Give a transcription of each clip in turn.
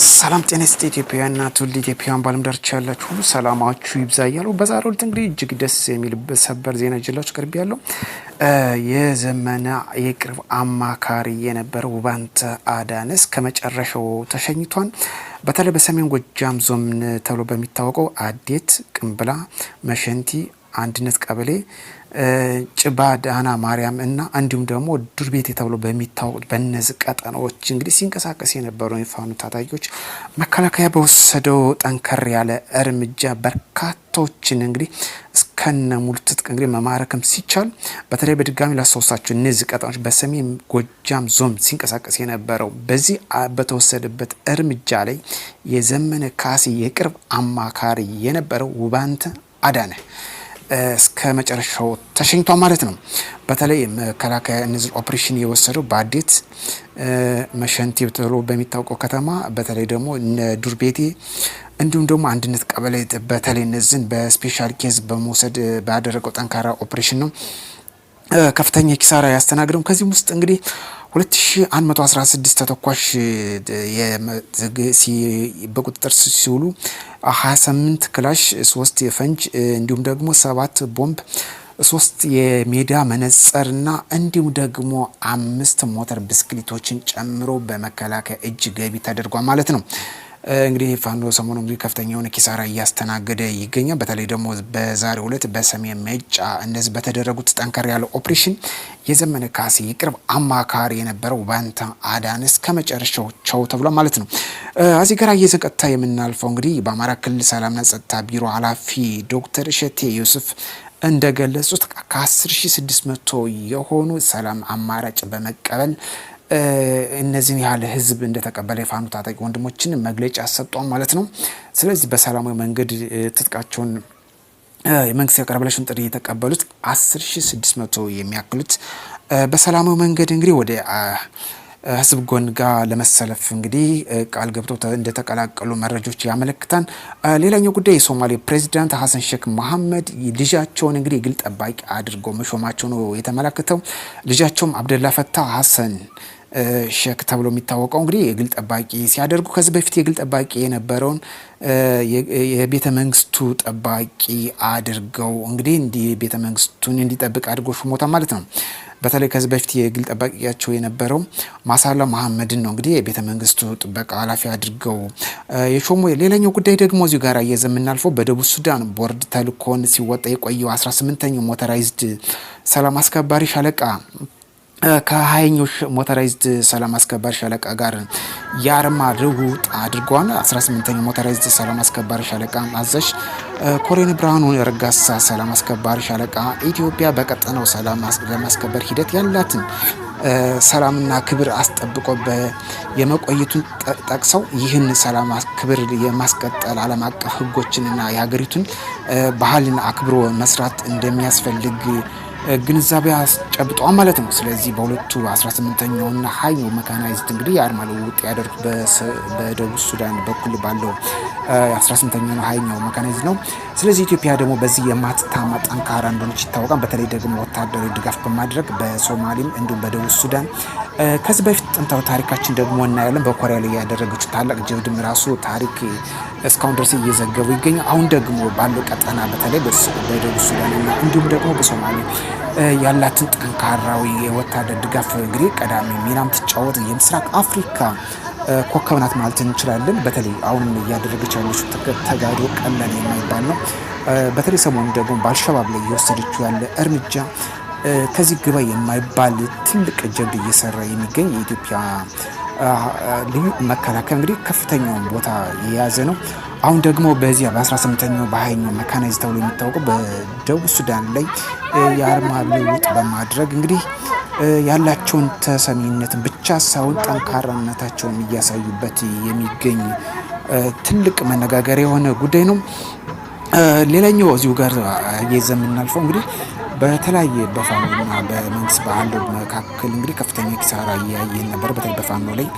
ሰላም ጤና ስጥ ኢትዮጵያውያንና ትውልድ ኢትዮጵያውያን በዓለም ዳርቻ ያላችሁ ሁሉ ሰላማችሁ ይብዛ እያሉ በዛሬው ዕለት እንግዲህ እጅግ ደስ የሚል ሰበር ዜና ይዤላችሁ ቅርብ ያለው የዘመነ የቅርብ አማካሪ የነበረ ውባንተ አዳነስ ከመጨረሻው ተሸኝቷን ተሸኝቷል። በተለይ በሰሜን ጎጃም ዞን ተብሎ በሚታወቀው አዴት፣ ቅንብላ፣ መሸንቲ አንድነት ቀበሌ ጭባ ዳህና ማርያም እና እንዲሁም ደግሞ ዱር ቤቴ ተብሎ በሚታወቅ በእነዚህ ቀጠናዎች እንግዲህ ሲንቀሳቀስ የነበሩ የፋኑ ታጣቂዎች መከላከያ በወሰደው ጠንከር ያለ እርምጃ በርካታዎችን እንግዲህ እስከነ ሙሉ ትጥቅ እንግዲህ መማረክም ሲቻል፣ በተለይ በድጋሚ ላስታውሳችሁ እነዚህ ቀጠናዎች በሰሜን ጎጃም ዞን ሲንቀሳቀስ የነበረው በዚህ በተወሰደበት እርምጃ ላይ የዘመነ ካሴ የቅርብ አማካሪ የነበረው ውባንተ አዳነ እስከ መጨረሻው ተሸኝቷል ማለት ነው። በተለይ መከላከያ እነዚህ ኦፕሬሽን የወሰደው በአዴት መሸንቲ ተብሎ በሚታወቀው ከተማ በተለይ ደግሞ ዱር ቤቴ እንዲሁም ደግሞ አንድነት ቀበሌ በተለይ እነዚህን በስፔሻል ኬዝ በመውሰድ ባደረገው ጠንካራ ኦፕሬሽን ነው ከፍተኛ ኪሳራ ያስተናግደው። ከዚህም ውስጥ እንግዲህ 2116 ተተኳሽ በቁጥጥር ሲውሉ 28 ክላሽ፣ 3 ፈንጅ እንዲሁም ደግሞ 7 ቦምብ ሶስት የሜዳ መነጽርና እንዲሁም ደግሞ አምስት ሞተር ብስክሌቶችን ጨምሮ በመከላከያ እጅ ገቢ ተደርጓል ማለት ነው። እንግዲህ ፋኖ ሰሞኑ እንግዲህ ከፍተኛ የሆነ ኪሳራ እያስተናገደ ይገኛል። በተለይ ደግሞ በዛሬው ዕለት በሰሜን መጫ እንደዚህ በተደረጉት ጠንከር ያለ ኦፕሬሽን የዘመነ ካሴ የቅርብ አማካሪ የነበረው ባንታ አዳነስ ከመጨረሻው ቸው ተብሏል ማለት ነው። አዚ ጋር እየዘቀጥታ የምናልፈው እንግዲህ በአማራ ክልል ሰላምና ጸጥታ ቢሮ ኃላፊ ዶክተር እሸቴ ዮሴፍ እንደገለጹት ከ10,600 የሆኑ ሰላም አማራጭ በመቀበል እነዚህን ያህል ህዝብ እንደተቀበለ የፋኖ ታጣቂ ወንድሞችን መግለጫ ሰጧል ማለት ነው። ስለዚህ በሰላማዊ መንገድ ትጥቃቸውን የመንግስት ያቀረበላቸውን ጥሪ የተቀበሉት 10600 የሚያክሉት በሰላማዊ መንገድ እንግዲህ ወደ ህዝብ ጎን ጋር ለመሰለፍ እንግዲህ ቃል ገብቶ እንደተቀላቀሉ መረጃዎች ያመለክታል። ሌላኛው ጉዳይ የሶማሌ ፕሬዚዳንት ሀሰን ሼክ መሐመድ ልጃቸውን እንግዲህ የግል ጠባቂ አድርገው መሾማቸው ነው የተመላክተው። ልጃቸውም አብደላ ፈታ ሀሰን ሼክ ተብሎ የሚታወቀው እንግዲህ የግል ጠባቂ ሲያደርጉ ከዚህ በፊት የግል ጠባቂ የነበረውን የቤተ መንግስቱ ጠባቂ አድርገው እንግዲህ እንዲህ ቤተ መንግስቱን እንዲጠብቅ አድርጎ ሹሞታ ማለት ነው። በተለይ ከዚህ በፊት የግል ጠባቂያቸው የነበረው ማሳላ መሐመድን ነው እንግዲህ የቤተ መንግስቱ ጥበቃ ኃላፊ አድርገው የሾሙ። ሌላኛው ጉዳይ ደግሞ እዚሁ ጋር አያይዘን የምናልፈው በደቡብ ሱዳን ቦርድ ተልኮን ሲወጣ የቆየው 18ኛው ሞተራይዝድ ሰላም አስከባሪ ሻለቃ ከሀይኞች ሞተራይዝድ ሰላም አስከባሪ ሻለቃ ጋር የአርማ ልውውጥ አድርጓል። 18ኛ ሞተራይዝድ ሰላም አስከባሪ ሻለቃ አዛዥ ኮሎኔል ብርሃኑ ረጋሳ ሰላም አስከባሪ ሻለቃ ኢትዮጵያ በቀጠነው ሰላም ለማስከበር ሂደት ያላትን ሰላምና ክብር አስጠብቆ የመቆየቱን ጠቅሰው ይህን ሰላም ክብር የማስቀጠል ዓለም አቀፍ ሕጎችንና የሀገሪቱን ባህልን አክብሮ መስራት እንደሚያስፈልግ ግንዛቤ አስጨብጧ ማለት ነው። ስለዚህ በሁለቱ 18ኛውና ሀይሉ መካናይዝድ እንግዲህ የአድማ ልውውጥ ያደርጉ በደቡብ ሱዳን በኩል ባለው 18ኛው ሀይኛው መካናይዝድ ነው። ስለዚህ ኢትዮጵያ ደግሞ በዚህ የማትታማ ጠንካራ እንደሆነች ይታወቃል። በተለይ ደግሞ ወታደራዊ ድጋፍ በማድረግ በሶማሌም እንዲሁም በደቡብ ሱዳን ከዚህ በፊት ጥንታዊ ታሪካችን ደግሞ እናያለን። በኮሪያ ላይ ያደረገች ታላቅ ጀብድም ራሱ ታሪክ እስካሁን ድረስ እየዘገቡ ይገኛል። አሁን ደግሞ ባለው ቀጠና በተለይ በደቡብ ሱዳንና እንዲሁም ደግሞ በሶማሌ ያላትን ጠንካራዊ የወታደር ድጋፍ እንግዲህ ቀዳሚ ሚናም ትጫወት የምስራቅ አፍሪካ ኮከብ ናት ማለት እንችላለን። በተለይ አሁን እያደረገች ያለችው ተጋድሎ ቀላል የማይባል ነው። በተለይ ሰሞኑ ደግሞ በአልሸባብ ላይ እየወሰደችው ያለ እርምጃ ከዚህ ግባ የማይባል ትልቅ ጀብድ እየሰራ የሚገኝ የኢትዮጵያ ልዩ መከላከያ እንግዲህ ከፍተኛውን ቦታ የያዘ ነው። አሁን ደግሞ በዚያ በ18ኛው በሀያኛው መካናይዝ ተብሎ የሚታወቀው በደቡብ ሱዳን ላይ የአርማ ልውውጥ በማድረግ እንግዲህ ያላቸውን ተሰሚነት ብቻ ሳይሆን ጠንካራነታቸውን እያሳዩበት የሚገኝ ትልቅ መነጋገር የሆነ ጉዳይ ነው። ሌላኛው እዚሁ ጋር የምናልፈው እንግዲህ በተለያየ በፋኖና በመንግስት በአንድ መካከል እንግዲህ ከፍተኛ ኪሳራ እያየን ነበር። በተለይ በፋኖ ላይ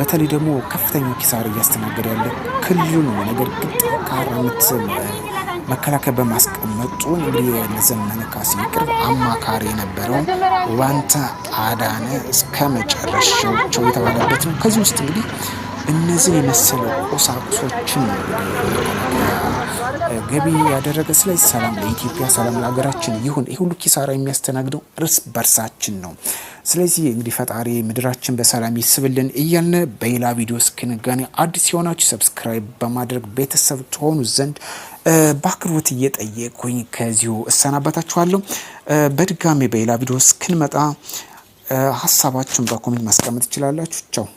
በተለይ ደግሞ ከፍተኛ ኪሳራ እያስተናገደ ያለ ክልሉ ነው። ነገር ግን ጠንካራ ምት መከላከያ በማስቀመጡ እንግዲህ የዘመነ ካሴ ቅርብ አማካሪ የነበረው ዋንታ አዳነ እስከ መጨረሻቸው የተባለበት ነው። ከዚህ ውስጥ እንግዲህ እነዚህን የመሰለ ቁሳቁሶችን ገቢ ያደረገ። ስለዚህ ሰላም ለኢትዮጵያ፣ ሰላም ለሀገራችን ይሁን። ይህ ሁሉ ኪሳራ የሚያስተናግደው እርስ በርሳችን ነው። ስለዚህ እንግዲህ ፈጣሪ ምድራችን በሰላም ይስብልን እያልን በሌላ ቪዲዮ እስክንገናኝ አዲስ የሆናችሁ ሰብስክራይብ በማድረግ ቤተሰብ ትሆኑ ዘንድ በአክብሮት እየጠየቅኩኝ ከዚሁ እሰናበታችኋለሁ። በድጋሚ በሌላ ቪዲዮ እስክንመጣ ሀሳባችሁን በኮሜንት ማስቀመጥ ትችላላችሁ። ቻው